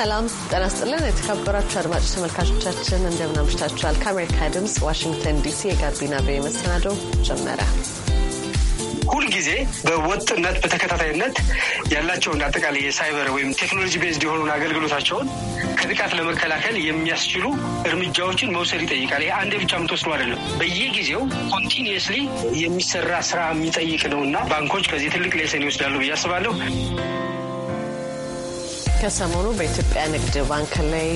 ሰላም ጤና ይስጥልን። የተከበራችሁ አድማጭ ተመልካቾቻችን እንደምን አምሽታችኋል? ከአሜሪካ ድምፅ ዋሽንግተን ዲሲ የጋቢና ቪኦኤ መሰናዶ ጀመረ። ሁልጊዜ በወጥነት በተከታታይነት ያላቸውን አጠቃላይ የሳይበር ወይም ቴክኖሎጂ ቤዝድ የሆኑን አገልግሎታቸውን ከጥቃት ለመከላከል የሚያስችሉ እርምጃዎችን መውሰድ ይጠይቃል። ይሄ አንዴ ብቻ የምትወስደው አይደለም። በየጊዜው ኮንቲኒየስሊ የሚሰራ ስራ የሚጠይቅ ነው እና ባንኮች ከዚህ ትልቅ ሌሰን ይወስዳሉ ብዬ አስባለሁ። ከሰሞኑ በኢትዮጵያ ንግድ ባንክ ላይ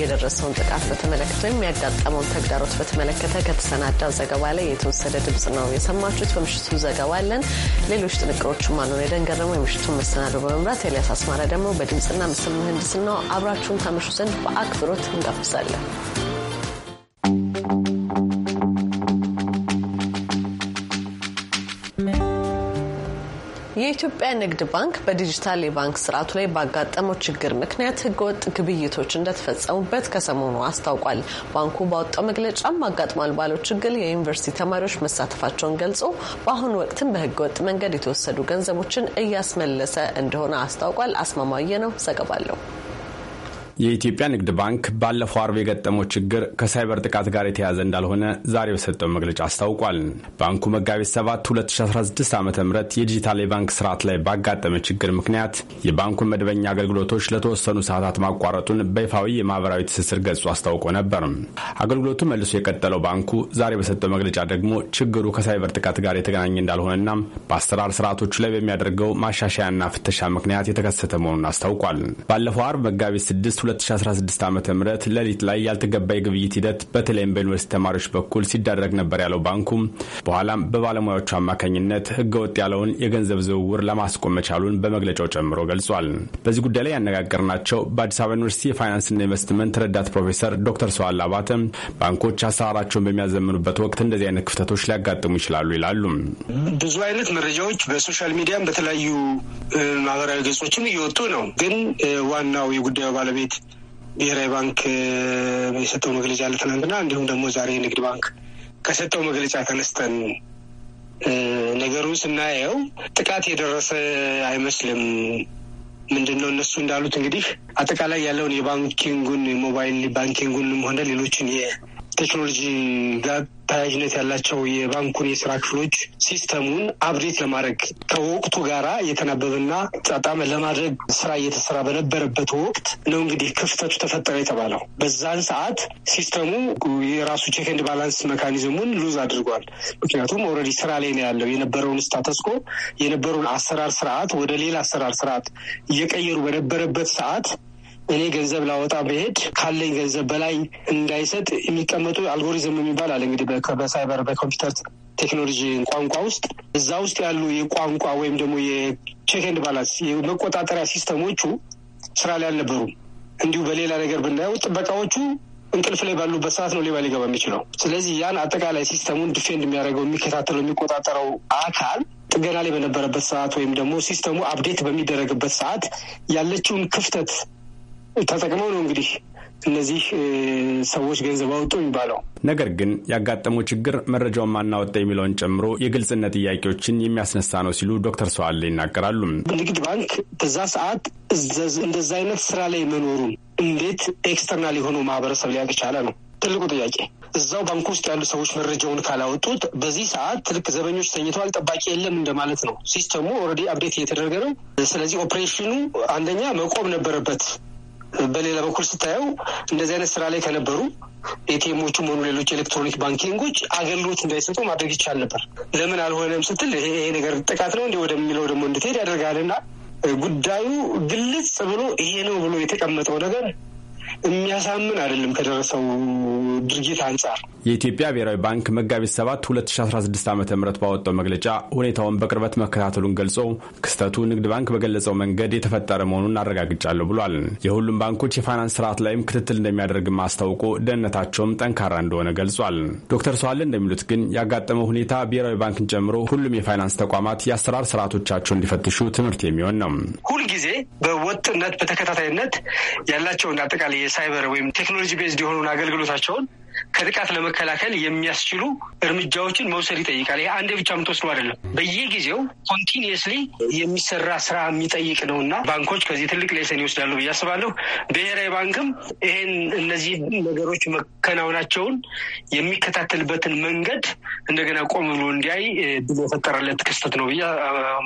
የደረሰውን ጥቃት በተመለከተ ወይም ያጋጠመውን ተግዳሮት በተመለከተ ከተሰናዳ ዘገባ ላይ የተወሰደ ድምጽ ነው የሰማችሁት። በምሽቱ ዘገባ አለን። ሌሎች ጥንቅሮችም አሉን። የደንገር ደግሞ የምሽቱን መሰናዶ በመምራት ኤልያስ አስማራ ደግሞ በድምፅና ምስል ምህንድስና ነው። አብራችሁን ታመሹ ዘንድ በአክብሮት እንጋብዛለን። የኢትዮጵያ ንግድ ባንክ በዲጂታል የባንክ ስርዓቱ ላይ ባጋጠመው ችግር ምክንያት ህገወጥ ግብይቶች እንደተፈጸሙበት ከሰሞኑ አስታውቋል። ባንኩ ባወጣው መግለጫም አጋጥሟል ባለው ችግር የዩኒቨርሲቲ ተማሪዎች መሳተፋቸውን ገልጾ በአሁኑ ወቅትም በህገወጥ መንገድ የተወሰዱ ገንዘቦችን እያስመለሰ እንደሆነ አስታውቋል። አስማማየ ነው ዘገባለሁ። የኢትዮጵያ ንግድ ባንክ ባለፈው አርብ የገጠመው ችግር ከሳይበር ጥቃት ጋር የተያዘ እንዳልሆነ ዛሬ በሰጠው መግለጫ አስታውቋል። ባንኩ መጋቢት 7 2016 ዓ ም የዲጂታል የባንክ ስርዓት ላይ ባጋጠመ ችግር ምክንያት የባንኩን መደበኛ አገልግሎቶች ለተወሰኑ ሰዓታት ማቋረጡን በይፋዊ የማህበራዊ ትስስር ገጹ አስታውቆ ነበር። አገልግሎቱ መልሶ የቀጠለው ባንኩ ዛሬ በሰጠው መግለጫ ደግሞ ችግሩ ከሳይበር ጥቃት ጋር የተገናኘ እንዳልሆነና በአሰራር ስርዓቶቹ ላይ በሚያደርገው ማሻሻያና ፍተሻ ምክንያት የተከሰተ መሆኑን አስታውቋል። ባለፈው አርብ መጋቢት 6 2016 ዓ ም ሌሊት ላይ ያልተገባ የግብይት ሂደት በተለይም በዩኒቨርሲቲ ተማሪዎች በኩል ሲደረግ ነበር ያለው ባንኩ በኋላም በባለሙያዎቹ አማካኝነት ህገወጥ ያለውን የገንዘብ ዝውውር ለማስቆም መቻሉን በመግለጫው ጨምሮ ገልጿል። በዚህ ጉዳይ ላይ ያነጋገርናቸው በአዲስ አበባ ዩኒቨርሲቲ የፋይናንስና ኢንቨስትመንት ረዳት ፕሮፌሰር ዶክተር ሰዋላ አባተ ባንኮች አሰራራቸውን በሚያዘምኑበት ወቅት እንደዚህ አይነት ክፍተቶች ሊያጋጥሙ ይችላሉ ይላሉ። ብዙ አይነት መረጃዎች በሶሻል ሚዲያም በተለያዩ ማህበራዊ ገጾችም እየወጡ ነው። ግን ዋናው የጉዳዩ ባለቤት ብሔራዊ ባንክ የሰጠው መግለጫ አለ ትናንትና፣ እንዲሁም ደግሞ ዛሬ ንግድ ባንክ ከሰጠው መግለጫ ተነስተን ነገሩን ስናየው ጥቃት የደረሰ አይመስልም። ምንድን ነው እነሱ እንዳሉት እንግዲህ አጠቃላይ ያለውን የባንኪንጉን ሞባይል ባንኪንጉንም ሆነ ሌሎችን የቴክኖሎጂ ጋር ተያያዥነት ያላቸው የባንኩን የስራ ክፍሎች ሲስተሙን አብዴት ለማድረግ ከወቅቱ ጋራ የተናበበና ጣጣም ለማድረግ ስራ እየተሰራ በነበረበት ወቅት ነው እንግዲህ ክፍተቱ ተፈጠረ የተባለው። በዛን ሰዓት ሲስተሙ የራሱ ቼክንድ ባላንስ መካኒዝሙን ሉዝ አድርጓል። ምክንያቱም ኦልሬዲ ስራ ላይ ነው ያለው የነበረውን ስታተስኮ የነበረውን አሰራር ስርዓት ወደ ሌላ አሰራር ስርዓት እየቀየሩ በነበረበት ሰዓት እኔ ገንዘብ ላወጣ ብሄድ ካለኝ ገንዘብ በላይ እንዳይሰጥ የሚቀመጡ አልጎሪዝም የሚባል አለ እንግዲህ በሳይበር በኮምፒውተር ቴክኖሎጂ ቋንቋ ውስጥ እዛ ውስጥ ያሉ የቋንቋ ወይም ደግሞ የቼክንድ ባላንስ የመቆጣጠሪያ ሲስተሞቹ ስራ ላይ አልነበሩም። እንዲሁ በሌላ ነገር ብናየው ጥበቃዎቹ እንቅልፍ ላይ ባሉበት ሰዓት ነው ሌባ ሊገባ የሚችለው። ስለዚህ ያን አጠቃላይ ሲስተሙን ዲፌንድ የሚያደርገው የሚከታተለው፣ የሚቆጣጠረው አካል ጥገና ላይ በነበረበት ሰዓት ወይም ደግሞ ሲስተሙ አፕዴት በሚደረግበት ሰዓት ያለችውን ክፍተት ተጠቅመው ነው እንግዲህ እነዚህ ሰዎች ገንዘብ አወጡ የሚባለው። ነገር ግን ያጋጠመው ችግር መረጃውን ማናወጣ የሚለውን ጨምሮ የግልጽነት ጥያቄዎችን የሚያስነሳ ነው ሲሉ ዶክተር ሰዋለ ይናገራሉ። ንግድ ባንክ በዛ ሰዓት እንደዛ አይነት ስራ ላይ መኖሩን እንዴት ኤክስተርናል የሆነው ማህበረሰብ ሊያውቅ ቻለ ነው ትልቁ ጥያቄ። እዛው ባንክ ውስጥ ያሉ ሰዎች መረጃውን ካላወጡት በዚህ ሰዓት ትልቅ ዘበኞች ተኝተዋል፣ ጠባቂ የለም እንደማለት ነው። ሲስተሙ ኦልሬዲ አፕዴት እየተደረገ ነው። ስለዚህ ኦፕሬሽኑ አንደኛ መቆም ነበረበት። በሌላ በኩል ስታየው እንደዚህ አይነት ስራ ላይ ከነበሩ ኤቲኤሞቹም ሆኑ ሌሎች ኤሌክትሮኒክ ባንኪንጎች አገልግሎት እንዳይሰጡ ማድረግ ይቻል ነበር። ለምን አልሆነም ስትል ይሄ ነገር ጥቃት ነው እንዲህ ወደሚለው ደግሞ እንድትሄድ ያደርጋልና ጉዳዩ ግልጽ ብሎ ይሄ ነው ብሎ የተቀመጠው ነገር የሚያሳምን አይደለም ከደረሰው ድርጊት አንጻር የኢትዮጵያ ብሔራዊ ባንክ መጋቢት 7 2016 ዓ ም ባወጣው መግለጫ ሁኔታውን በቅርበት መከታተሉን ገልጾ ክስተቱ ንግድ ባንክ በገለጸው መንገድ የተፈጠረ መሆኑን አረጋግጫለሁ ብሏል። የሁሉም ባንኮች የፋይናንስ ስርዓት ላይም ክትትል እንደሚያደርግ አስታውቆ ደህንነታቸውም ጠንካራ እንደሆነ ገልጿል። ዶክተር ሰዋለ እንደሚሉት ግን ያጋጠመው ሁኔታ ብሔራዊ ባንክን ጨምሮ ሁሉም የፋይናንስ ተቋማት የአሰራር ስርዓቶቻቸው እንዲፈትሹ ትምህርት የሚሆን ነው። ሁልጊዜ በወጥነት በተከታታይነት ያላቸውን አጠቃላይ የሳይበር ወይም ቴክኖሎጂ ቤዝድ የሆኑን አገልግሎታቸውን ከጥቃት ለመከላከል የሚያስችሉ እርምጃዎችን መውሰድ ይጠይቃል። ይህ አንዴ ብቻ የምትወስደው አይደለም። በየጊዜው ኮንቲኒየስሊ የሚሰራ ስራ የሚጠይቅ ነው እና ባንኮች ከዚህ ትልቅ ሌሰን ይወስዳሉ ብዬ አስባለሁ። ብሔራዊ ባንክም ይሄን እነዚህ ነገሮች መከናወናቸውን የሚከታተልበትን መንገድ እንደገና ቆም ብሎ እንዲያይ ብሎ የፈጠረለት ክስተት ነው ብዬ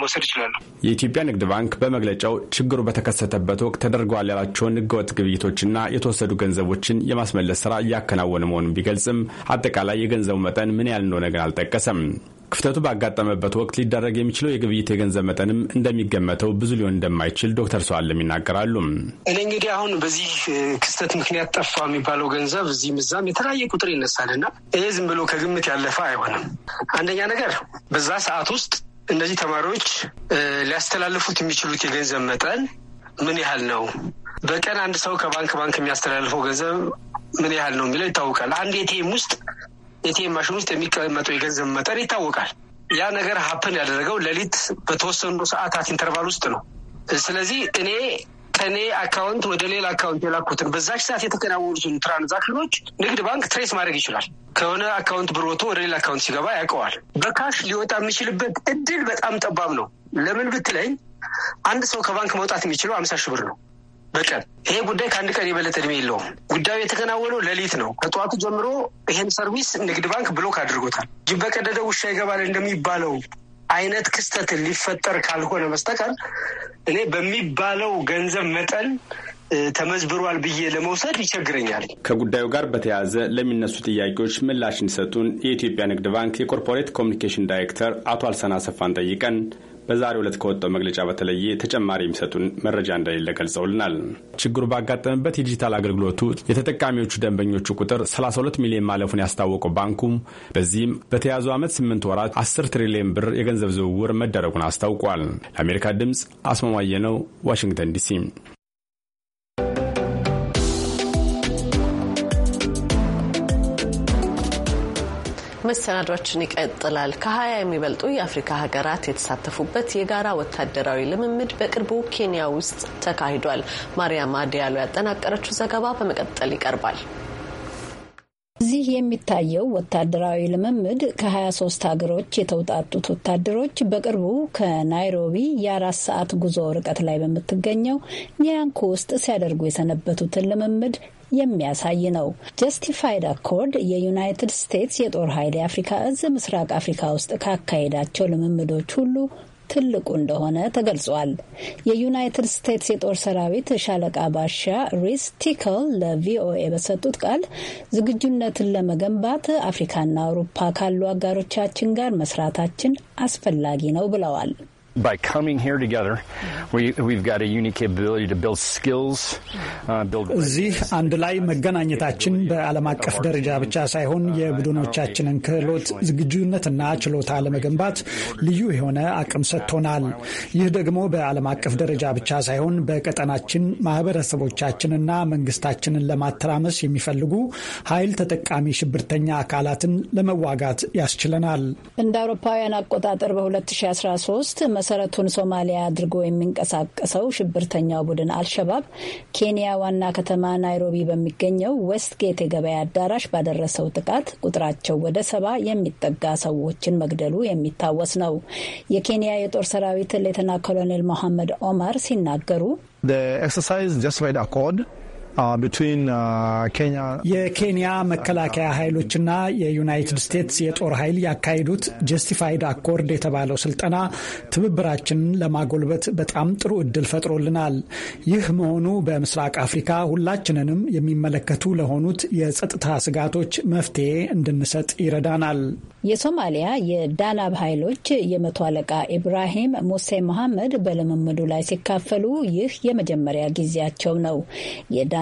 መውሰድ ይችላሉ። የኢትዮጵያ ንግድ ባንክ በመግለጫው ችግሩ በተከሰተበት ወቅት ተደርገዋል ያላቸውን ህገወጥ ግብይቶችና የተወሰዱ ገንዘቦችን የማስመለስ ስራ እያከናወነ መሆኑን ቢገልጽም አጠቃላይ የገንዘቡ መጠን ምን ያህል እንደሆነ ግን አልጠቀሰም። ክፍተቱ ባጋጠመበት ወቅት ሊደረግ የሚችለው የግብይት የገንዘብ መጠንም እንደሚገመተው ብዙ ሊሆን እንደማይችል ዶክተር ሰዋለም ይናገራሉ። እኔ እንግዲህ አሁን በዚህ ክስተት ምክንያት ጠፋ የሚባለው ገንዘብ እዚህም እዛም የተለያየ ቁጥር ይነሳልና ይሄ ዝም ብሎ ከግምት ያለፈ አይሆንም። አንደኛ ነገር በዛ ሰዓት ውስጥ እነዚህ ተማሪዎች ሊያስተላልፉት የሚችሉት የገንዘብ መጠን ምን ያህል ነው? በቀን አንድ ሰው ከባንክ ባንክ የሚያስተላልፈው ገንዘብ ምን ያህል ነው የሚለው ይታወቃል። አንድ ኤቲኤም ውስጥ ኤቲኤም ማሽን ውስጥ የሚቀመጠው የገንዘብ መጠን ይታወቃል። ያ ነገር ሀፕን ያደረገው ሌሊት በተወሰኑ ሰዓታት ኢንተርቫል ውስጥ ነው። ስለዚህ እኔ ከኔ አካውንት ወደ ሌላ አካውንት የላኩትን በዛች ሰዓት የተከናወኑትን ትራንዛክሽኖች ንግድ ባንክ ትሬስ ማድረግ ይችላል። ከሆነ አካውንት ብሮቶ ወደ ሌላ አካውንት ሲገባ ያውቀዋል። በካሽ ሊወጣ የሚችልበት እድል በጣም ጠባብ ነው። ለምን ብትለኝ አንድ ሰው ከባንክ መውጣት የሚችለው አምሳ ሺህ ብር ነው። በቀን ይሄ ጉዳይ ከአንድ ቀን የበለጠ እድሜ የለውም። ጉዳዩ የተከናወነው ሌሊት ነው። ከጠዋቱ ጀምሮ ይሄን ሰርቪስ ንግድ ባንክ ብሎክ አድርጎታል። ጅብ በቀደደ ውሻ ይገባል እንደሚባለው አይነት ክስተት ሊፈጠር ካልሆነ በስተቀር እኔ በሚባለው ገንዘብ መጠን ተመዝብሯል ብዬ ለመውሰድ ይቸግረኛል። ከጉዳዩ ጋር በተያያዘ ለሚነሱ ጥያቄዎች ምላሽ እንዲሰጡን የኢትዮጵያ ንግድ ባንክ የኮርፖሬት ኮሚኒኬሽን ዳይሬክተር አቶ አልሰና ሰፋን ጠይቀን በዛሬ ዕለት ከወጣው መግለጫ በተለየ ተጨማሪ የሚሰጡን መረጃ እንደሌለ ገልጸውልናል። ችግሩ ባጋጠመበት የዲጂታል አገልግሎቱ የተጠቃሚዎቹ ደንበኞቹ ቁጥር 32 ሚሊዮን ማለፉን ያስታወቀው ባንኩ በዚህም በተያዙ ዓመት 8 ወራት 10 ትሪሊዮን ብር የገንዘብ ዝውውር መደረጉን አስታውቋል። ለአሜሪካ ድምፅ አስማማየ ነው፣ ዋሽንግተን ዲሲ። መሰናዷችን ይቀጥላል። ከሀያ የሚበልጡ የአፍሪካ ሀገራት የተሳተፉበት የጋራ ወታደራዊ ልምምድ በቅርቡ ኬንያ ውስጥ ተካሂዷል። ማርያም አዲያሎ ያጠናቀረችው ዘገባ በመቀጠል ይቀርባል። እዚህ የሚታየው ወታደራዊ ልምምድ ከ23 ሀገሮች የተውጣጡት ወታደሮች በቅርቡ ከናይሮቢ የአራት ሰዓት ጉዞ ርቀት ላይ በምትገኘው ኒያንኩ ውስጥ ሲያደርጉ የሰነበቱትን ልምምድ የሚያሳይ ነው። ጀስቲፋይድ አኮርድ የዩናይትድ ስቴትስ የጦር ኃይል የአፍሪካ እዝ ምስራቅ አፍሪካ ውስጥ ካካሄዳቸው ልምምዶች ሁሉ ትልቁ እንደሆነ ተገልጿል። የዩናይትድ ስቴትስ የጦር ሰራዊት ሻለቃ ባሻ ሪስ ቲክል ለቪኦኤ በሰጡት ቃል ዝግጁነትን ለመገንባት አፍሪካና አውሮፓ ካሉ አጋሮቻችን ጋር መስራታችን አስፈላጊ ነው ብለዋል። by coming here together, we, we've got a unique capability to build skills, uh, እዚህ አንድ ላይ መገናኘታችን በዓለም አቀፍ ደረጃ ብቻ ሳይሆን የቡድኖቻችንን ክህሎት፣ ዝግጁነትና ችሎታ ለመገንባት ልዩ የሆነ አቅም ሰጥቶናል። ይህ ደግሞ በዓለም አቀፍ ደረጃ ብቻ ሳይሆን በቀጠናችን ማህበረሰቦቻችንና መንግስታችንን ለማተራመስ የሚፈልጉ ኃይል ተጠቃሚ ሽብርተኛ አካላትን ለመዋጋት ያስችለናል። እንደ አውሮፓውያን አቆጣጠር በ2013 መሰረቱን ሶማሊያ አድርጎ የሚንቀሳቀሰው ሽብርተኛው ቡድን አልሸባብ ኬንያ ዋና ከተማ ናይሮቢ በሚገኘው ጌት የገበያ አዳራሽ ባደረሰው ጥቃት ቁጥራቸው ወደ ሰባ የሚጠጋ ሰዎችን መግደሉ የሚታወስ ነው። የኬንያ የጦር ሰራዊት ሌተና ኮሎኔል መሐመድ ኦማር ሲናገሩ ኤክሰርሳይዝ ጀስት አኮርድ Uh, uh, የኬንያ መከላከያ ኃይሎችና የዩናይትድ ስቴትስ የጦር ኃይል ያካሄዱት ጀስቲፋይድ አኮርድ የተባለው ስልጠና ትብብራችንን ለማጎልበት በጣም ጥሩ እድል ፈጥሮልናል። ይህ መሆኑ በምስራቅ አፍሪካ ሁላችንንም የሚመለከቱ ለሆኑት የጸጥታ ስጋቶች መፍትሄ እንድንሰጥ ይረዳናል። የሶማሊያ የዳላብ ኃይሎች የመቶ አለቃ ኢብራሂም ሙሴ መሐመድ በልምምዱ ላይ ሲካፈሉ ይህ የመጀመሪያ ጊዜያቸው ነው።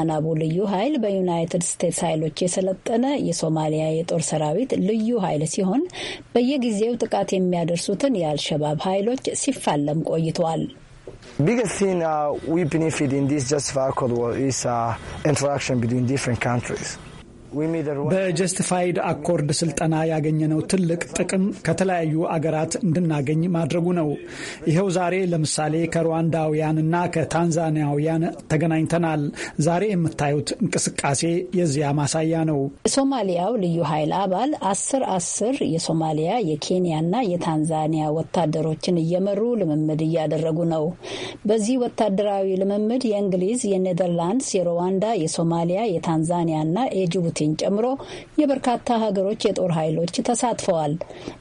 አናቡ ልዩ ኃይል በዩናይትድ ስቴትስ ኃይሎች የሰለጠነ የሶማሊያ የጦር ሰራዊት ልዩ ኃይል ሲሆን በየጊዜው ጥቃት የሚያደርሱትን የአልሸባብ ኃይሎች ሲፋለም ቆይተዋል። በጀስቲፋይድ አኮርድ ስልጠና ያገኘነው ትልቅ ጥቅም ከተለያዩ አገራት እንድናገኝ ማድረጉ ነው። ይኸው ዛሬ ለምሳሌ ከሩዋንዳውያንና ከታንዛኒያውያን ተገናኝተናል። ዛሬ የምታዩት እንቅስቃሴ የዚያ ማሳያ ነው። የሶማሊያው ልዩ ኃይል አባል አስር አስር የሶማሊያ የኬንያና የታንዛኒያ ወታደሮችን እየመሩ ልምምድ እያደረጉ ነው። በዚህ ወታደራዊ ልምምድ የእንግሊዝ፣ የኔዘርላንድስ፣ የሩዋንዳ፣ የሶማሊያ፣ የታንዛኒያና የጅቡቲ ሀገሮችን ጨምሮ የበርካታ ሀገሮች የጦር ኃይሎች ተሳትፈዋል።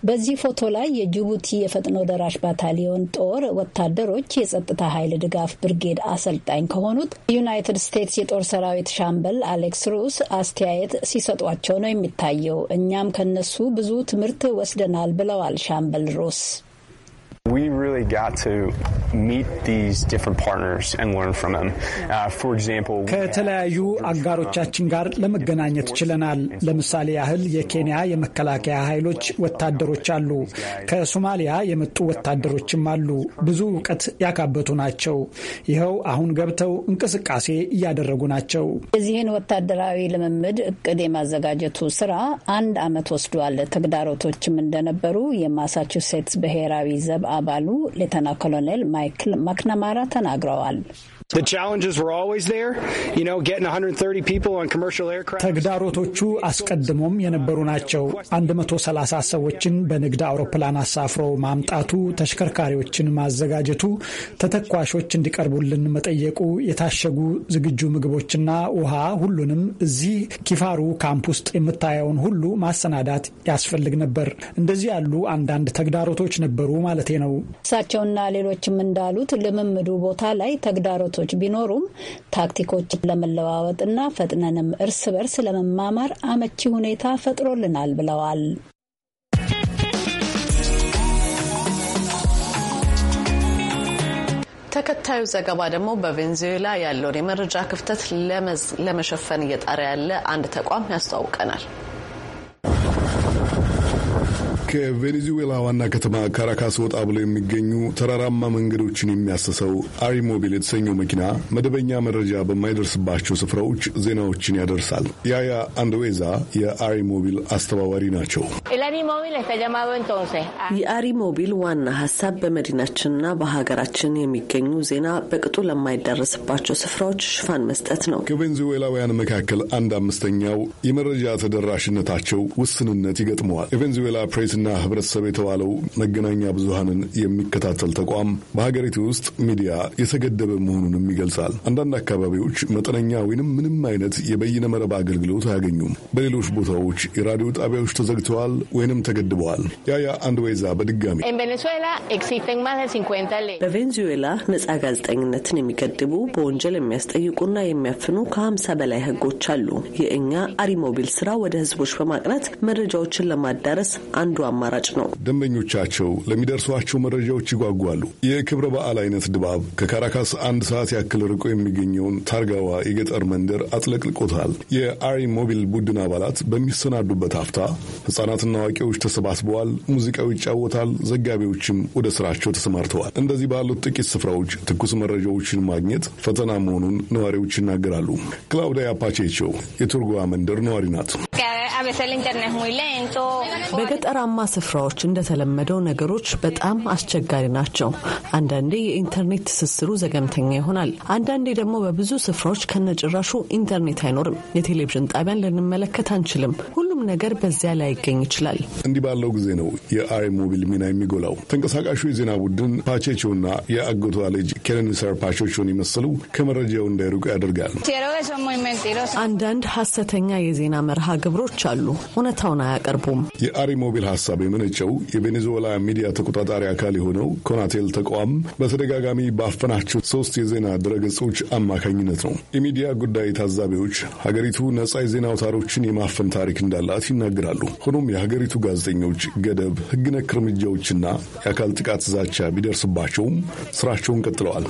በዚህ ፎቶ ላይ የጅቡቲ የፈጥኖ ደራሽ ባታሊዮን ጦር ወታደሮች የጸጥታ ኃይል ድጋፍ ብርጌድ አሰልጣኝ ከሆኑት ዩናይትድ ስቴትስ የጦር ሰራዊት ሻምበል አሌክስ ሩስ አስተያየት ሲሰጧቸው ነው የሚታየው። እኛም ከነሱ ብዙ ትምህርት ወስደናል ብለዋል ሻምበል ሩስ። We really got to meet these different partners and learn from them. Uh, for example, ከተለያዩ አጋሮቻችን ጋር ለመገናኘት ችለናል። ለምሳሌ ያህል የኬንያ የመከላከያ ኃይሎች ወታደሮች አሉ። ከሶማሊያ የመጡ ወታደሮችም አሉ። ብዙ እውቀት ያካበቱ ናቸው። ይኸው አሁን ገብተው እንቅስቃሴ እያደረጉ ናቸው። የዚህን ወታደራዊ ልምምድ እቅድ የማዘጋጀቱ ስራ አንድ አመት ወስዷል። ተግዳሮቶችም እንደነበሩ የማሳቹሴትስ ብሔራዊ ዘብ አባሉ ሌተና ኮሎኔል ማይክል ማክናማራ ተናግረዋል። The challenges were always there, you know, getting 130 people on commercial aircraft. ተግዳሮቶቹ አስቀድሞም የነበሩ ናቸው። 130 ሰዎችን በንግድ አውሮፕላን አሳፍሮ ማምጣቱ፣ ተሽከርካሪዎችን ማዘጋጀቱ፣ ተተኳሾች እንዲቀርቡልን መጠየቁ፣ የታሸጉ ዝግጁ ምግቦችና ውሃ፣ ሁሉንም እዚህ ኪፋሩ ካምፕ ውስጥ የምታየውን ሁሉ ማሰናዳት ያስፈልግ ነበር። እንደዚህ ያሉ አንዳንድ ተግዳሮቶች ነበሩ ማለቴ ነው። እሳቸውና ሌሎችም እንዳሉት ልምምዱ ቦታ ላይ ተግዳሮቶ ልዩነቶች ቢኖሩም ታክቲኮች ለመለዋወጥና ፈጥነንም እርስ በርስ ለመማማር አመቺ ሁኔታ ፈጥሮልናል ብለዋል። ተከታዩ ዘገባ ደግሞ በቬንዙዌላ ያለውን የመረጃ ክፍተት ለመሸፈን እየጣረ ያለ አንድ ተቋም ያስተዋውቀናል። ከቬኔዙዌላ ዋና ከተማ ካራካስ ወጣ ብሎ የሚገኙ ተራራማ መንገዶችን የሚያሰሰው አሪሞቢል የተሰኘው መኪና መደበኛ መረጃ በማይደርስባቸው ስፍራዎች ዜናዎችን ያደርሳል። ያያ አንድዌዛ የአሪሞቢል አስተባባሪ ናቸው። የአሪሞቢል ዋና ሀሳብ በመዲናችንና በሀገራችን የሚገኙ ዜና በቅጡ ለማይደረስባቸው ስፍራዎች ሽፋን መስጠት ነው። ከቬንዙዌላውያን መካከል አንድ አምስተኛው የመረጃ ተደራሽነታቸው ውስንነት ይገጥመዋል። የቬንዙዌላ ፕሬስ ዜጎችና ህብረተሰብ የተባለው መገናኛ ብዙሃንን የሚከታተል ተቋም በሀገሪቱ ውስጥ ሚዲያ የተገደበ መሆኑንም ይገልጻል። አንዳንድ አካባቢዎች መጠነኛ ወይንም ምንም አይነት የበይነ መረብ አገልግሎት አያገኙም። በሌሎች ቦታዎች የራዲዮ ጣቢያዎች ተዘግተዋል ወይንም ተገድበዋል። ያያ አንድ ወይዛ በድጋሚ በቬንዙዌላ ነጻ ጋዜጠኝነትን የሚገድቡ በወንጀል የሚያስጠይቁና የሚያፍኑ ከሀምሳ በላይ ህጎች አሉ። የእኛ አሪሞቢል ስራ ወደ ህዝቦች በማቅናት መረጃዎችን ለማዳረስ አንዷ አማራጭ ነው። ደንበኞቻቸው ለሚደርሷቸው መረጃዎች ይጓጓሉ። የክብረ በዓል አይነት ድባብ ከካራካስ አንድ ሰዓት ያክል ርቆ የሚገኘውን ታርጋዋ የገጠር መንደር አጥለቅልቆታል። የአሪ ሞቢል ቡድን አባላት በሚሰናዱበት አፍታ ሕጻናትና አዋቂዎች ተሰባስበዋል። ሙዚቃው ይጫወታል። ዘጋቢዎችም ወደ ስራቸው ተሰማርተዋል። እንደዚህ ባሉት ጥቂት ስፍራዎች ትኩስ መረጃዎችን ማግኘት ፈተና መሆኑን ነዋሪዎች ይናገራሉ። ክላውዲያ ፓቼቸው የቱርጓ መንደር ነዋሪ ናት። በገጠራማ ስፍራዎች እንደተለመደው ነገሮች በጣም አስቸጋሪ ናቸው። አንዳንዴ የኢንተርኔት ትስስሩ ዘገምተኛ ይሆናል። አንዳንዴ ደግሞ በብዙ ስፍራዎች ከነጭራሹ ኢንተርኔት አይኖርም። የቴሌቪዥን ጣቢያን ልንመለከት አንችልም። ሁሉም ነገር በዚያ ላይ ይገኝ ይችላል። እንዲህ ባለው ጊዜ ነው የአይ ሞቢል ሚና የሚጎላው። ተንቀሳቃሹ የዜና ቡድን ፓቼቾና የአጎቷ ልጅ ኬለኒሰር ፓቼቾን የመሰሉ ከመረጃው እንዳይርቁ ያደርጋል። አንዳንድ ሀሰተኛ የዜና መርሃ ግብሮች ይዋሻሉ፣ እውነታውን አያቀርቡም። የአሪ ሞቢል ሀሳብ የመነጨው የቬኔዙዌላ ሚዲያ ተቆጣጣሪ አካል የሆነው ኮናቴል ተቋም በተደጋጋሚ ባፈናቸው ሶስት የዜና ድረገጾች አማካኝነት ነው። የሚዲያ ጉዳይ ታዛቢዎች ሀገሪቱ ነጻ የዜና አውታሮችን የማፈን ታሪክ እንዳላት ይናገራሉ። ሆኖም የሀገሪቱ ጋዜጠኞች ገደብ፣ ህግ ነክ እርምጃዎችና የአካል ጥቃት ዛቻ ቢደርስባቸውም ስራቸውን ቀጥለዋል።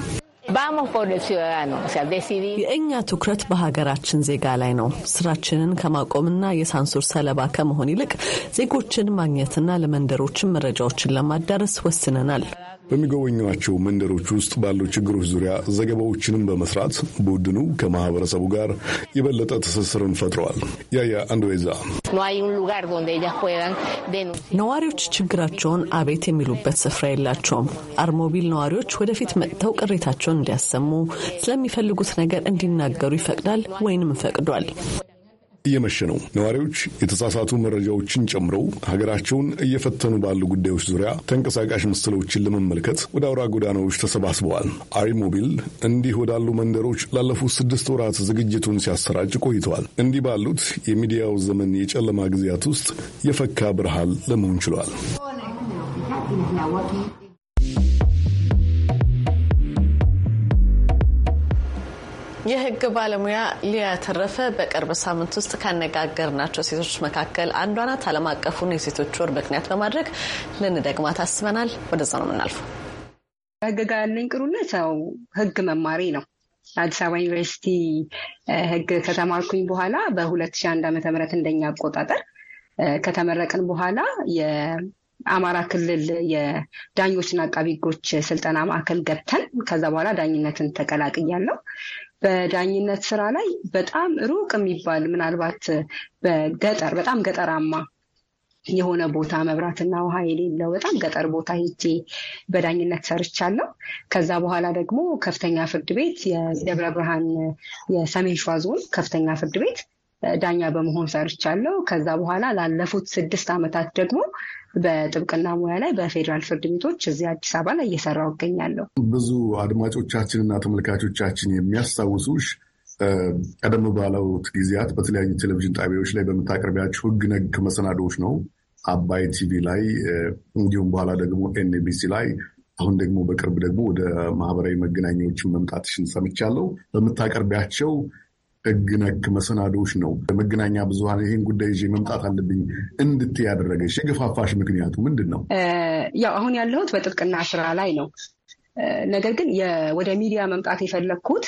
የእኛ ትኩረት በሀገራችን ዜጋ ላይ ነው። ስራችንን ከማቆምና የሳንሱር ሰለባ ከመሆን ይልቅ ዜጎችን ማግኘትና ለመንደሮችን መረጃዎችን ለማዳረስ ወስነናል። በሚጎበኟቸው መንደሮች ውስጥ ባሉ ችግሮች ዙሪያ ዘገባዎችንም በመስራት ቡድኑ ከማህበረሰቡ ጋር የበለጠ ትስስርን ፈጥረዋል። ያያ አንዶዛ ነዋሪዎች ችግራቸውን አቤት የሚሉበት ስፍራ የላቸውም። አርሞቢል ነዋሪዎች ወደፊት መጥተው ቅሬታቸውን እንዲያሰሙ ስለሚፈልጉት ነገር እንዲናገሩ ይፈቅዳል ወይንም ፈቅዷል። እየመሸ ነው። ነዋሪዎች የተሳሳቱ መረጃዎችን ጨምሮ ሀገራቸውን እየፈተኑ ባሉ ጉዳዮች ዙሪያ ተንቀሳቃሽ ምስሎችን ለመመልከት ወደ አውራ ጎዳናዎች ተሰባስበዋል። አሪሞቢል እንዲህ ወዳሉ መንደሮች ላለፉት ስድስት ወራት ዝግጅቱን ሲያሰራጭ ቆይተዋል። እንዲህ ባሉት የሚዲያው ዘመን የጨለማ ጊዜያት ውስጥ የፈካ ብርሃን ለመሆን ችሏል። የህግ ባለሙያ ሊያ ተረፈ በቅርብ ሳምንት ውስጥ ካነጋገርናቸው ሴቶች መካከል አንዷ ናት። ዓለም አቀፉን የሴቶች ወር ምክንያት በማድረግ ልንደግማ ታስበናል። ወደዛ ነው የምናልፈው። ህግ ጋር ያለኝ ቅሩነት ያው ህግ መማሪ ነው። አዲስ አበባ ዩኒቨርሲቲ ህግ ከተማርኩኝ በኋላ በ2001 ዓ ም እንደኛ አቆጣጠር ከተመረቅን በኋላ የአማራ ክልል የዳኞችና አቃቢ ህጎች ስልጠና ማዕከል ገብተን ከዛ በኋላ ዳኝነትን ተቀላቅያለሁ። በዳኝነት ስራ ላይ በጣም ሩቅ የሚባል ምናልባት በገጠር በጣም ገጠራማ የሆነ ቦታ መብራትና ውሃ የሌለው በጣም ገጠር ቦታ ሄጄ በዳኝነት ሰርቻለሁ። ከዛ በኋላ ደግሞ ከፍተኛ ፍርድ ቤት የደብረ ብርሃን የሰሜን ሸዋ ዞን ከፍተኛ ፍርድ ቤት ዳኛ በመሆን ሰርቻለሁ። ከዛ በኋላ ላለፉት ስድስት ዓመታት ደግሞ በጥብቅና ሙያ ላይ በፌዴራል ፍርድ ቤቶች እዚህ አዲስ አበባ ላይ እየሰራው እገኛለሁ። ብዙ አድማጮቻችንና ተመልካቾቻችን የሚያስታውሱሽ ቀደም ባሉት ጊዜያት በተለያዩ ቴሌቪዥን ጣቢያዎች ላይ በምታቀርቢያቸው ህግ ነክ መሰናዶዎች ነው። አባይ ቲቪ ላይ እንዲሁም በኋላ ደግሞ ኤንቢሲ ላይ አሁን ደግሞ በቅርብ ደግሞ ወደ ማህበራዊ መገናኛዎችን መምጣትሽን ሰምቻለሁ። በምታቀርቢያቸው ህግ ነክ መሰናዶዎች ነው። ለመገናኛ ብዙኃን ይህን ጉዳይ ይዤ መምጣት አለብኝ እንድት ያደረገች የገፋፋሽ ምክንያቱ ምንድን ነው? ያው አሁን ያለሁት በጥብቅና ስራ ላይ ነው። ነገር ግን ወደ ሚዲያ መምጣት የፈለግኩት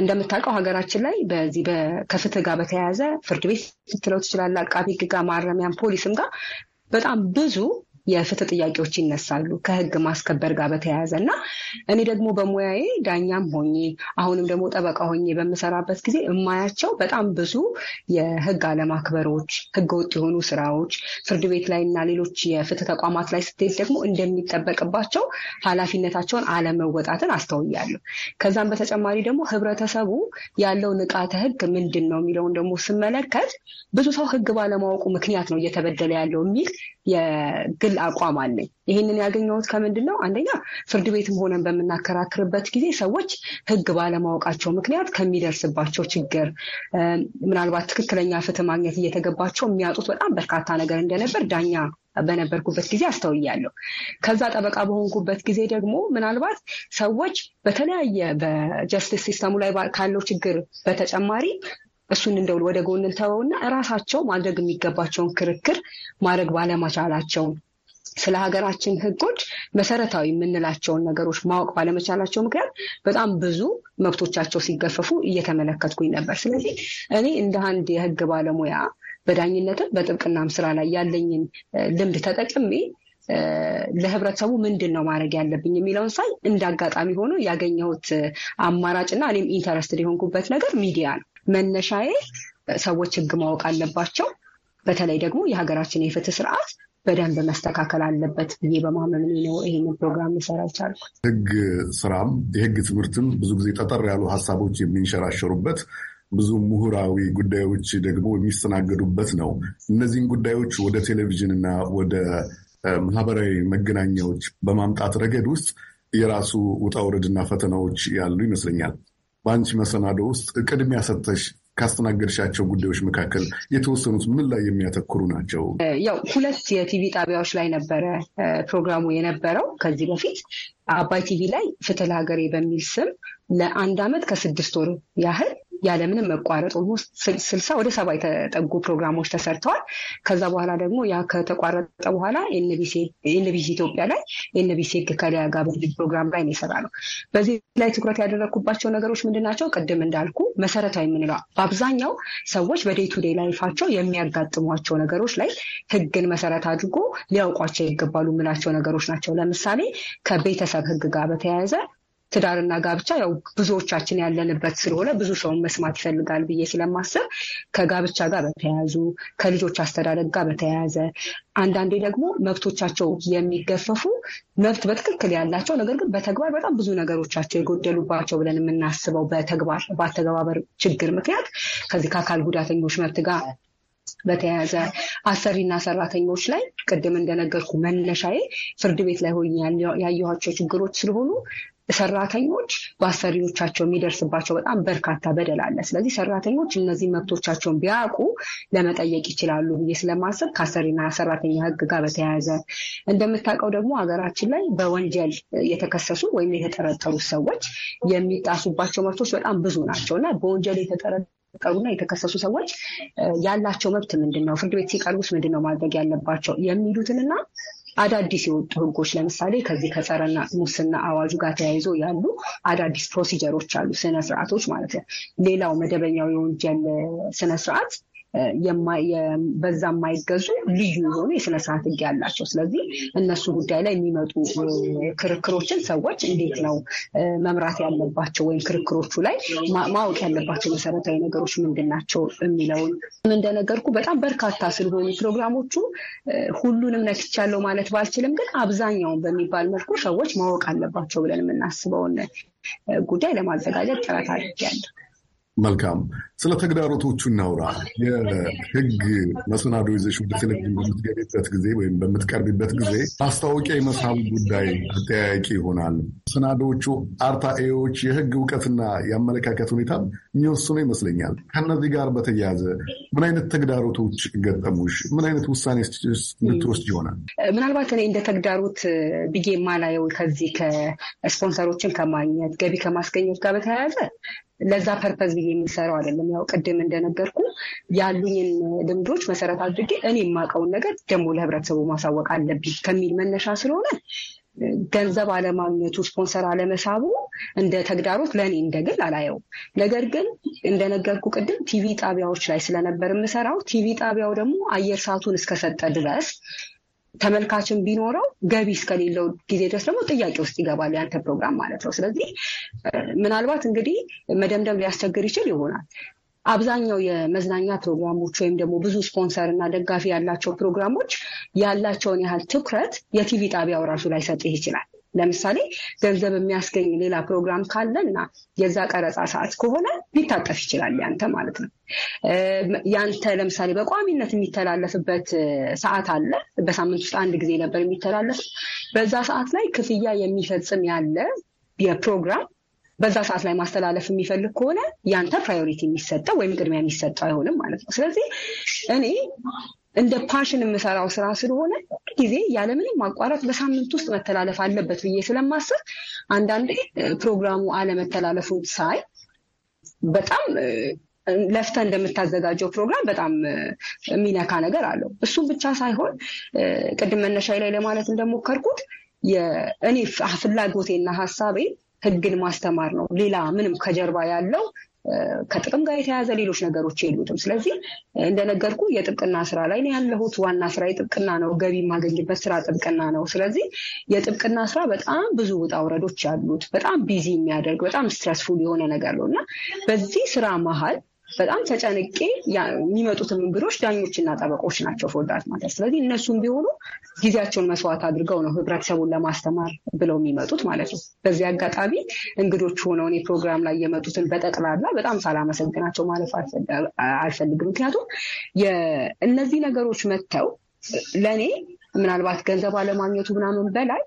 እንደምታውቀው ሀገራችን ላይ በዚህ ከፍትህ ጋር በተያያዘ ፍርድ ቤት ልትለው ትችላለህ፣ አቃቢ ህግ ጋር፣ ማረሚያም ፖሊስም ጋር በጣም ብዙ የፍትህ ጥያቄዎች ይነሳሉ ከህግ ማስከበር ጋር በተያያዘ እና እኔ ደግሞ በሙያዬ ዳኛም ሆኜ አሁንም ደግሞ ጠበቃ ሆኜ በምሰራበት ጊዜ እማያቸው በጣም ብዙ የህግ አለማክበሮች፣ ህገ ወጥ የሆኑ ስራዎች ፍርድ ቤት ላይ እና ሌሎች የፍትህ ተቋማት ላይ ስትሄድ ደግሞ እንደሚጠበቅባቸው ኃላፊነታቸውን አለመወጣትን አስተውያለሁ። ከዛም በተጨማሪ ደግሞ ህብረተሰቡ ያለው ንቃተ ህግ ምንድን ነው የሚለውን ደግሞ ስመለከት ብዙ ሰው ህግ ባለማወቁ ምክንያት ነው እየተበደለ ያለው የሚል የግል አቋም አለኝ። ይህንን ያገኘሁት ከምንድን ነው? አንደኛ ፍርድ ቤትም ሆነን በምናከራክርበት ጊዜ ሰዎች ሕግ ባለማወቃቸው ምክንያት ከሚደርስባቸው ችግር ምናልባት ትክክለኛ ፍትህ ማግኘት እየተገባቸው የሚያጡት በጣም በርካታ ነገር እንደነበር ዳኛ በነበርኩበት ጊዜ አስተውያለሁ። ከዛ ጠበቃ በሆንኩበት ጊዜ ደግሞ ምናልባት ሰዎች በተለያየ በጀስቲስ ሲስተሙ ላይ ካለው ችግር በተጨማሪ እሱን እንደውል ወደ ጎን እንተወውና ራሳቸው ማድረግ የሚገባቸውን ክርክር ማድረግ ባለመቻላቸውን ስለ ሀገራችን ሕጎች መሰረታዊ የምንላቸውን ነገሮች ማወቅ ባለመቻላቸው ምክንያት በጣም ብዙ መብቶቻቸው ሲገፈፉ እየተመለከትኩኝ ነበር። ስለዚህ እኔ እንደ አንድ የሕግ ባለሙያ በዳኝነትም በጥብቅናም ስራ ላይ ያለኝን ልምድ ተጠቅሜ ለህብረተሰቡ ምንድን ነው ማድረግ ያለብኝ የሚለውን ሳይ እንደ አጋጣሚ ሆኖ ያገኘሁት አማራጭና እኔም ኢንተረስትድ የሆንኩበት ነገር ሚዲያ ነው። መነሻዬ ሰዎች ህግ ማወቅ አለባቸው፣ በተለይ ደግሞ የሀገራችን የፍትህ ስርዓት በደንብ መስተካከል አለበት ብዬ በማመን ነው ይህን ፕሮግራም ልሰራ ቻልኩ። ህግ ስራም የህግ ትምህርትም ብዙ ጊዜ ጠጠር ያሉ ሀሳቦች የሚንሸራሸሩበት ብዙ ምሁራዊ ጉዳዮች ደግሞ የሚስተናገዱበት ነው። እነዚህን ጉዳዮች ወደ ቴሌቪዥን እና ወደ ማህበራዊ መገናኛዎች በማምጣት ረገድ ውስጥ የራሱ ውጣ ውረድና ፈተናዎች ያሉ ይመስለኛል። በአንቺ መሰናዶ ውስጥ ቅድሚያ ሰጥተሽ ካስተናገድሻቸው ጉዳዮች መካከል የተወሰኑት ምን ላይ የሚያተኩሩ ናቸው? ያው ሁለት የቲቪ ጣቢያዎች ላይ ነበረ ፕሮግራሙ የነበረው ከዚህ በፊት አባይ ቲቪ ላይ ፍትህ ለሀገሬ በሚል ስም ለአንድ አመት ከስድስት ወር ያህል ያለምንም መቋረጥ ኦልሞስት ስልሳ ወደ ሰባ የተጠጉ ፕሮግራሞች ተሰርተዋል። ከዛ በኋላ ደግሞ ያ ከተቋረጠ በኋላ ኤንቢሲ ኢትዮጵያ ላይ ኤንቢሲ ህግ ከሊያ ጋር ፕሮግራም ላይ የሰራ ነው። በዚህ ላይ ትኩረት ያደረግኩባቸው ነገሮች ምንድን ናቸው? ቅድም እንዳልኩ መሰረታዊ የምንለው በአብዛኛው ሰዎች በዴይ ቱ ዴይ ላይፋቸው የሚያጋጥሟቸው ነገሮች ላይ ህግን መሰረት አድርጎ ሊያውቋቸው ይገባሉ የምላቸው ነገሮች ናቸው። ለምሳሌ ከቤተሰብ ህግ ጋር በተያያዘ ትዳርና ጋብቻ ያው ብዙዎቻችን ያለንበት ስለሆነ ብዙ ሰውን መስማት ይፈልጋል ብዬ ስለማስብ ከጋብቻ ጋር በተያያዙ ከልጆች አስተዳደግ ጋር በተያያዘ አንዳንዴ ደግሞ መብቶቻቸው የሚገፈፉ መብት በትክክል ያላቸው ነገር ግን በተግባር በጣም ብዙ ነገሮቻቸው የጎደሉባቸው ብለን የምናስበው በተግባር በአተገባበር ችግር ምክንያት ከዚህ ከአካል ጉዳተኞች መብት ጋር በተያያዘ አሰሪና ሰራተኞች ላይ ቅድም እንደነገርኩ መነሻዬ ፍርድ ቤት ላይ ሆኜ ያየኋቸው ችግሮች ስለሆኑ ሰራተኞች በአሰሪዎቻቸው የሚደርስባቸው በጣም በርካታ በደል አለ። ስለዚህ ሰራተኞች እነዚህ መብቶቻቸውን ቢያውቁ ለመጠየቅ ይችላሉ ብዬ ስለማሰብ ከአሰሪና ሰራተኛ ሕግ ጋር በተያያዘ እንደምታውቀው ደግሞ ሀገራችን ላይ በወንጀል የተከሰሱ ወይም የተጠረጠሩ ሰዎች የሚጣሱባቸው መብቶች በጣም ብዙ ናቸው እና በወንጀል የተጠረ ቀሩና የተከሰሱ ሰዎች ያላቸው መብት ምንድን ነው? ፍርድ ቤት ሲቀርቡስ ምንድን ነው ማድረግ ያለባቸው? የሚሉትንና አዳዲስ የወጡ ህጎች ለምሳሌ ከዚህ ከጸረና ሙስና አዋጁ ጋር ተያይዞ ያሉ አዳዲስ ፕሮሲጀሮች አሉ፣ ስነስርዓቶች ማለት ነው። ሌላው መደበኛው የወንጀል ስነስርዓት በዛ የማይገዙ ልዩ የሆኑ የስነ ስርዓት ህግ ያላቸው። ስለዚህ እነሱ ጉዳይ ላይ የሚመጡ ክርክሮችን ሰዎች እንዴት ነው መምራት ያለባቸው ወይም ክርክሮቹ ላይ ማወቅ ያለባቸው መሰረታዊ ነገሮች ምንድን ናቸው የሚለውን እንደነገርኩ በጣም በርካታ ስለሆኑ ፕሮግራሞቹ ሁሉንም ነክቻለሁ ማለት ባልችልም፣ ግን አብዛኛውን በሚባል መልኩ ሰዎች ማወቅ አለባቸው ብለን የምናስበውን ጉዳይ ለማዘጋጀት ጥረት አድርጌያለሁ። መልካም ስለ ተግዳሮቶቹ እናውራ። የህግ መሰናዶ ይዘሽ ወደ ቴሌቪዥን በምትገቢበት ጊዜ ወይም በምትቀርቢበት ጊዜ ማስታወቂያ የመሳብ ጉዳይ አጠያያቂ ይሆናል። መሰናዶዎቹ አርታኤዎች የህግ እውቀትና የአመለካከት ሁኔታ የሚወስኑ ይመስለኛል። ከእነዚህ ጋር በተያያዘ ምን አይነት ተግዳሮቶች ገጠሙሽ? ምን አይነት ውሳኔ ልትወስድ ይሆናል? ምናልባት እኔ እንደ ተግዳሮት ብዬ ማላየው ከዚህ ከስፖንሰሮችን ከማግኘት ገቢ ከማስገኘት ጋር በተያያዘ ለዛ ፐርፐዝ ብዬ የሚሰራው አይደለም። ያው ቅድም እንደነገርኩ ያሉኝን ልምዶች መሰረት አድርጌ እኔ የማውቀውን ነገር ደግሞ ለህብረተሰቡ ማሳወቅ አለብኝ ከሚል መነሻ ስለሆነ ገንዘብ አለማግኘቱ ስፖንሰር አለመሳቡ እንደ ተግዳሮት ለእኔ እንደግል አላየው ነገር ግን እንደነገርኩ ቅድም ቲቪ ጣቢያዎች ላይ ስለነበር የምሰራው ቲቪ ጣቢያው ደግሞ አየር ሰዓቱን እስከሰጠ ድረስ ተመልካችን ቢኖረው ገቢ እስከሌለው ጊዜ ድረስ ደግሞ ጥያቄ ውስጥ ይገባል ያንተ ፕሮግራም ማለት ነው። ስለዚህ ምናልባት እንግዲህ መደምደም ሊያስቸግር ይችል ይሆናል። አብዛኛው የመዝናኛ ፕሮግራሞች ወይም ደግሞ ብዙ ስፖንሰር እና ደጋፊ ያላቸው ፕሮግራሞች ያላቸውን ያህል ትኩረት የቲቪ ጣቢያው ራሱ ላይ ሰጥህ ይችላል። ለምሳሌ ገንዘብ የሚያስገኝ ሌላ ፕሮግራም ካለ እና የዛ ቀረጻ ሰዓት ከሆነ ሊታጠፍ ይችላል ያንተ ማለት ነው። ያንተ ለምሳሌ በቋሚነት የሚተላለፍበት ሰዓት አለ። በሳምንት ውስጥ አንድ ጊዜ ነበር የሚተላለፍ። በዛ ሰዓት ላይ ክፍያ የሚፈጽም ያለ የፕሮግራም በዛ ሰዓት ላይ ማስተላለፍ የሚፈልግ ከሆነ ያንተ ፕራዮሪቲ የሚሰጠው ወይም ቅድሚያ የሚሰጠው አይሆንም ማለት ነው። ስለዚህ እኔ እንደ ፓሽን የምሰራው ስራ ስለሆነ ጊዜ ያለምንም ማቋረጥ በሳምንት ውስጥ መተላለፍ አለበት ብዬ ስለማስብ አንዳንዴ ፕሮግራሙ አለመተላለፉን ሳይ በጣም ለፍተ እንደምታዘጋጀው ፕሮግራም በጣም የሚነካ ነገር አለው። እሱም ብቻ ሳይሆን ቅድም መነሻዬ ላይ ለማለት እንደሞከርኩት እኔ ፍላጎቴና ሀሳቤ ህግን ማስተማር ነው። ሌላ ምንም ከጀርባ ያለው ከጥቅም ጋር የተያዘ ሌሎች ነገሮች የሉትም። ስለዚህ እንደነገርኩ የጥብቅና ስራ ላይ ነው ያለሁት። ዋና ስራ የጥብቅና ነው። ገቢ የማገኝበት ስራ ጥብቅና ነው። ስለዚህ የጥብቅና ስራ በጣም ብዙ ውጣ ውረዶች ያሉት፣ በጣም ቢዚ የሚያደርግ በጣም ስትረስፉል የሆነ ነገር ነው እና በዚህ ስራ መሀል በጣም ተጨንቄ የሚመጡትም እንግዶች ዳኞችና ጠበቆች ናቸው ፎልዳት ማለት። ስለዚህ እነሱም ቢሆኑ ጊዜያቸውን መስዋዕት አድርገው ነው ህብረተሰቡን ለማስተማር ብለው የሚመጡት ማለት ነው። በዚህ አጋጣሚ እንግዶች ሆነው እኔ ፕሮግራም ላይ የመጡትን በጠቅላላ በጣም ሳላመሰግናቸው ማለፍ አልፈልግም። ምክንያቱም እነዚህ ነገሮች መጥተው ለእኔ ምናልባት ገንዘብ አለማግኘቱ ምናምን በላይ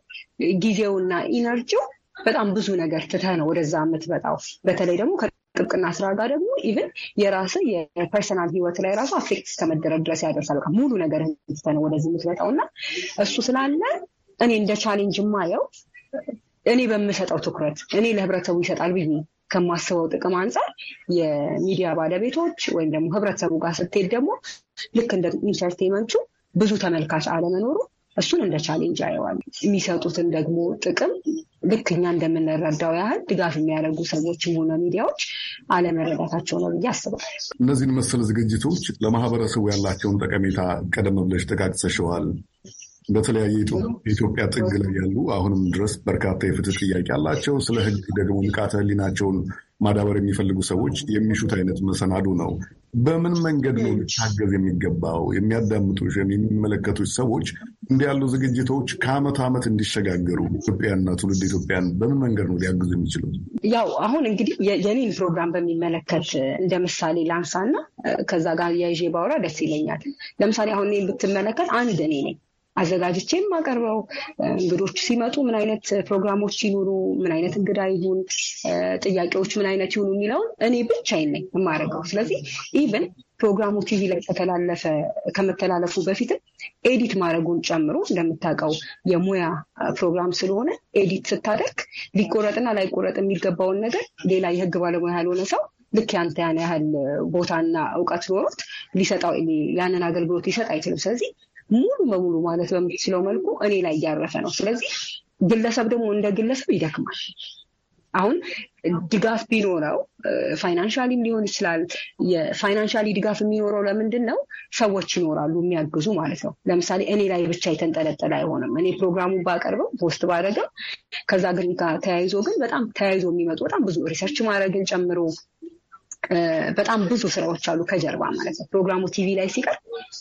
ጊዜውና ኢነርጂው በጣም ብዙ ነገር ትተህ ነው ወደዛ የምትመጣው በተለይ ደግሞ ጥብቅና ስራ ጋር ደግሞ ኢቨን የራስ የፐርሰናል ህይወት ላይ ራሱ አፌክት እስከመደረግ ድረስ ያደርሳል። ሙሉ ነገር ስተነ ወደዚህ የምትመጣው እና እሱ ስላለ እኔ እንደ ቻሌንጅ ማየው እኔ በምሰጠው ትኩረት እኔ ለህብረተሰቡ ይሰጣል ብዬ ከማስበው ጥቅም አንጻር የሚዲያ ባለቤቶች ወይም ደግሞ ህብረተሰቡ ጋር ስትሄድ ደግሞ ልክ እንደ ኢንተርቴንመንቱ ብዙ ተመልካች አለመኖሩ እሱን እንደ ቻሌንጅ አየዋል። የሚሰጡትን ደግሞ ጥቅም ልክ እኛ እንደምንረዳው ያህል ድጋፍ የሚያደርጉ ሰዎችም ሆነ ሚዲያዎች አለመረዳታቸው ነው ብዬ አስባለሁ። እነዚህን መሰል ዝግጅቶች ለማህበረሰቡ ያላቸውን ጠቀሜታ ቀደም ብለሽ ጠቃቅሰሽዋል። በተለያየ የኢትዮጵያ ጥግ ላይ ያሉ አሁንም ድረስ በርካታ የፍትህ ጥያቄ አላቸው። ስለ ህግ ደግሞ ንቃተ ህሊናቸውን ማዳበር የሚፈልጉ ሰዎች የሚሹት አይነት መሰናዱ ነው በምን መንገድ ነው ልታገዝ የሚገባው? የሚያዳምጡሽ የሚመለከቱች ሰዎች እንዲህ ያሉ ዝግጅቶች ከአመቱ ዓመት እንዲሸጋገሩ ኢትዮጵያና ትውልድ ኢትዮጵያን በምን መንገድ ነው ሊያግዙ የሚችሉት? ያው አሁን እንግዲህ የኔን ፕሮግራም በሚመለከት እንደ ምሳሌ ላንሳና ከዛ ጋር የይዤ ባውራ ደስ ይለኛል። ለምሳሌ አሁን ብትመለከት አንድ እኔ ነኝ አዘጋጅቼ የማቀርበው እንግዶች ሲመጡ ምን አይነት ፕሮግራሞች ሲኖሩ ምን አይነት እንግዳ ይሁን፣ ጥያቄዎች ምን አይነት ይሁኑ የሚለውን እኔ ብቻዬን ነኝ የማደርገው። ስለዚህ ኢቨን ፕሮግራሙ ቲቪ ላይ ከተላለፈ ከመተላለፉ በፊትም ኤዲት ማድረጉን ጨምሮ እንደምታውቀው የሙያ ፕሮግራም ስለሆነ ኤዲት ስታደርግ ሊቆረጥና ላይቆረጥ የሚገባውን ነገር ሌላ የህግ ባለሙያ ያልሆነ ሰው ልክ ያንተ ያን ያህል ቦታና እውቀት ኖሮት ሊሰጠው ያንን አገልግሎት ሊሰጥ አይችልም። ስለዚህ ሙሉ በሙሉ ማለት በምትችለው መልኩ እኔ ላይ እያረፈ ነው። ስለዚህ ግለሰብ ደግሞ እንደ ግለሰብ ይደክማል። አሁን ድጋፍ ቢኖረው ፋይናንሻሊም ሊሆን ይችላል። የፋይናንሻሊ ድጋፍ የሚኖረው ለምንድን ነው? ሰዎች ይኖራሉ የሚያግዙ ማለት ነው። ለምሳሌ እኔ ላይ ብቻ የተንጠለጠለ አይሆንም። እኔ ፕሮግራሙን ባቀርበው ፖስት ባደረገው ከዛ ግን ተያይዞ ግን በጣም ተያይዞ የሚመጡ በጣም ብዙ ሪሰርች ማድረግን ጨምሮ በጣም ብዙ ስራዎች አሉ ከጀርባ ማለት ነው። ፕሮግራሙ ቲቪ ላይ ሲቀር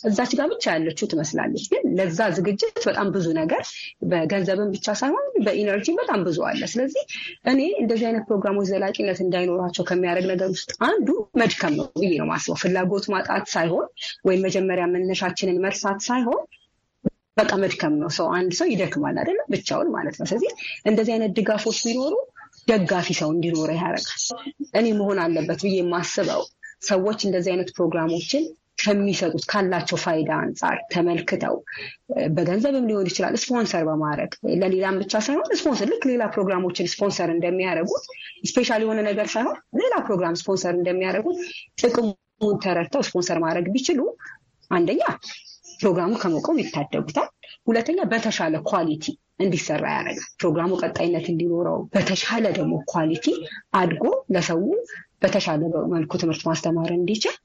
እዛች ጋር ብቻ ያለችው ትመስላለች፣ ግን ለዛ ዝግጅት በጣም ብዙ ነገር በገንዘብን ብቻ ሳይሆን በኢነርጂ በጣም ብዙ አለ። ስለዚህ እኔ እንደዚህ አይነት ፕሮግራሞች ዘላቂነት እንዳይኖራቸው ከሚያደርግ ነገር ውስጥ አንዱ መድከም ነው ብዬ ነው ማስበው። ፍላጎት ማጣት ሳይሆን ወይም መጀመሪያ መነሻችንን መርሳት ሳይሆን በቃ መድከም ነው። ሰው አንድ ሰው ይደክማል አይደለም ብቻውን ማለት ነው። ስለዚህ እንደዚህ አይነት ድጋፎች ቢኖሩ ደጋፊ ሰው እንዲኖረ ያደርጋል። እኔ መሆን አለበት ብዬ የማስበው ሰዎች እንደዚህ አይነት ፕሮግራሞችን ከሚሰጡት ካላቸው ፋይዳ አንጻር ተመልክተው በገንዘብም ሊሆን ይችላል ስፖንሰር በማድረግ ለሌላም ብቻ ሳይሆን ስፖንሰር ልክ ሌላ ፕሮግራሞችን ስፖንሰር እንደሚያደርጉት ስፔሻል የሆነ ነገር ሳይሆን ሌላ ፕሮግራም ስፖንሰር እንደሚያደርጉት ጥቅሙን ተረድተው ስፖንሰር ማድረግ ቢችሉ አንደኛ ፕሮግራሙ ከመቆም ይታደጉታል። ሁለተኛ በተሻለ ኳሊቲ እንዲሰራ ያደርጋል። ፕሮግራሙ ቀጣይነት እንዲኖረው በተሻለ ደግሞ ኳሊቲ አድጎ ለሰው በተሻለ መልኩ ትምህርት ማስተማር እንዲችል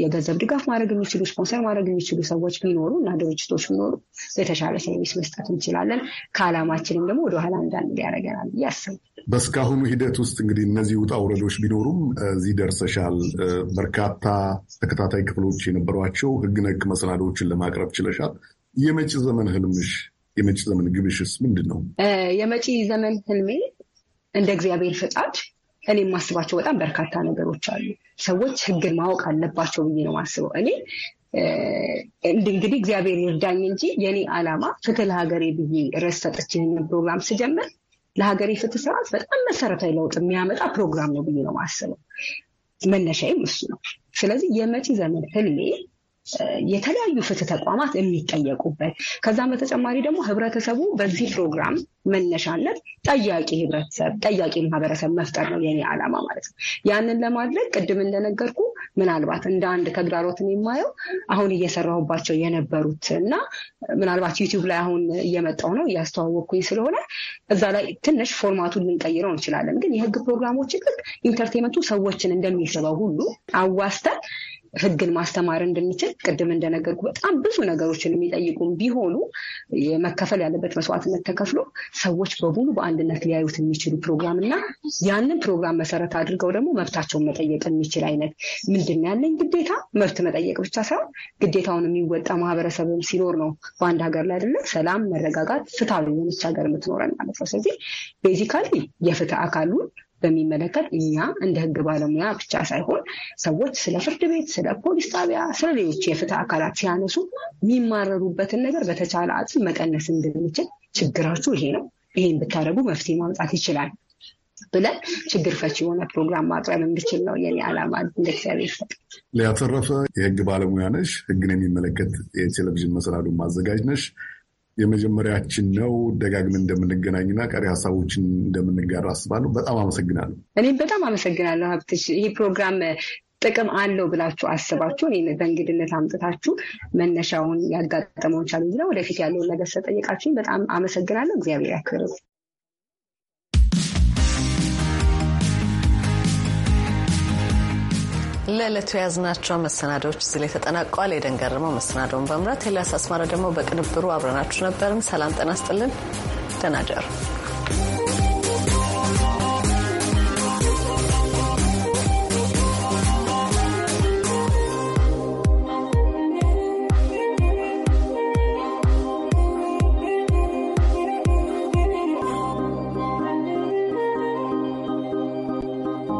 የገንዘብ ድጋፍ ማድረግ የሚችሉ ስፖንሰር ማድረግ የሚችሉ ሰዎች ቢኖሩ እና ድርጅቶች ቢኖሩ የተሻለ ሰርቪስ መስጠት እንችላለን። ከዓላማችንም ደግሞ ወደኋላ እንዳንል ያደርገናል ብዬ አስባለሁ። በእስካሁኑ ሂደት ውስጥ እንግዲህ እነዚህ ውጣ ውረዶች ቢኖሩም እዚህ ደርሰሻል። በርካታ ተከታታይ ክፍሎች የነበሯቸው ህግ ነክ መሰናዶዎችን ለማቅረብ ችለሻል። የመጪ ዘመን ህልምሽ የመጪ ዘመን ግብሽስ ምንድን ነው? የመጪ ዘመን ህልሜ እንደ እግዚአብሔር ፍጣድ እኔ የማስባቸው በጣም በርካታ ነገሮች አሉ። ሰዎች ህግን ማወቅ አለባቸው ብዬ ነው የማስበው። እኔ እንግዲህ እግዚአብሔር ይርዳኝ እንጂ የኔ ዓላማ ፍትህ ለሀገሬ ብዬ ርዕስ ሰጥቼ ፕሮግራም ስጀምር ለሀገሬ ፍትህ ስርዓት በጣም መሰረታዊ ለውጥ የሚያመጣ ፕሮግራም ነው ብዬ ነው የማስበው። መነሻዬም እሱ ነው። ስለዚህ የመጪ ዘመን ህልሜ የተለያዩ ፍትህ ተቋማት የሚጠየቁበት ከዛም በተጨማሪ ደግሞ ህብረተሰቡ በዚህ ፕሮግራም መነሻነት ጠያቂ ህብረተሰብ ጠያቂ ማህበረሰብ መፍጠር ነው የኔ ዓላማ ማለት ነው። ያንን ለማድረግ ቅድም እንደነገርኩ ምናልባት እንደ አንድ ተግዳሮትን የማየው አሁን እየሰራሁባቸው የነበሩት እና ምናልባት ዩቲዩብ ላይ አሁን እየመጣው ነው እያስተዋወቅኩኝ ስለሆነ እዛ ላይ ትንሽ ፎርማቱን ልንቀይረው እንችላለን። ግን የህግ ፕሮግራሞች ልክ ኢንተርቴንመንቱ ሰዎችን እንደሚስበው ሁሉ አዋስተን ህግን ማስተማር እንድንችል ቅድም እንደነገርኩ በጣም ብዙ ነገሮችን የሚጠይቁም ቢሆኑ መከፈል ያለበት መስዋዕትነት ተከፍሎ ሰዎች በሙሉ በአንድነት ሊያዩት የሚችሉ ፕሮግራም እና ያንን ፕሮግራም መሰረት አድርገው ደግሞ መብታቸውን መጠየቅ የሚችል አይነት ምንድን ያለኝ ግዴታ መብት መጠየቅ ብቻ ሳይሆን ግዴታውን የሚወጣ ማህበረሰብም ሲኖር ነው በአንድ ሀገር ላይ አይደለ ሰላም፣ መረጋጋት፣ ፍትሃዊ የሆነች ሀገር የምትኖረን ማለት ነው። ስለዚህ ቤዚካሊ የፍትህ አካሉን በሚመለከት እኛ እንደ ህግ ባለሙያ ብቻ ሳይሆን ሰዎች ስለ ፍርድ ቤት፣ ስለ ፖሊስ ጣቢያ፣ ስለ ሌሎች የፍትህ አካላት ሲያነሱ የሚማረሩበትን ነገር በተቻለ አጽም መቀነስ እንድንችል ችግራችሁ ይሄ ነው፣ ይሄን ብታደረጉ መፍትሄ ማምጣት ይችላል ብለን ችግር ፈች የሆነ ፕሮግራም ማቅረብ እንድችል ነው የኔ ዓላማ። እንደ እግዚአብሔር ሊያተረፈ የህግ ባለሙያ ነሽ። ህግን የሚመለከት የቴሌቪዥን መሰናዶ ማዘጋጅ ነሽ። የመጀመሪያችን ነው። ደጋግመን እንደምንገናኝና ቀሪ ሀሳቦችን እንደምንጋራ አስባለሁ። በጣም አመሰግናለሁ። እኔም በጣም አመሰግናለሁ ሀብትሽ። ይህ ፕሮግራም ጥቅም አለው ብላችሁ አስባችሁ እኔን በእንግድነት አምጥታችሁ መነሻውን ያጋጠመውን ቻሉ ነው ወደፊት ያለውን ነገር ስለጠየቃችሁኝ በጣም አመሰግናለሁ። እግዚአብሔር ያክብር። ለዕለቱ የያዝናቸው መሰናዶዎች እዚህ ላይ ተጠናቀዋል። የደንገርመው መሰናዶውን በምራት ኤልያስ አስማራ ደግሞ በቅንብሩ አብረናችሁ ነበርን። ሰላም ጤና ስጥልን ደህና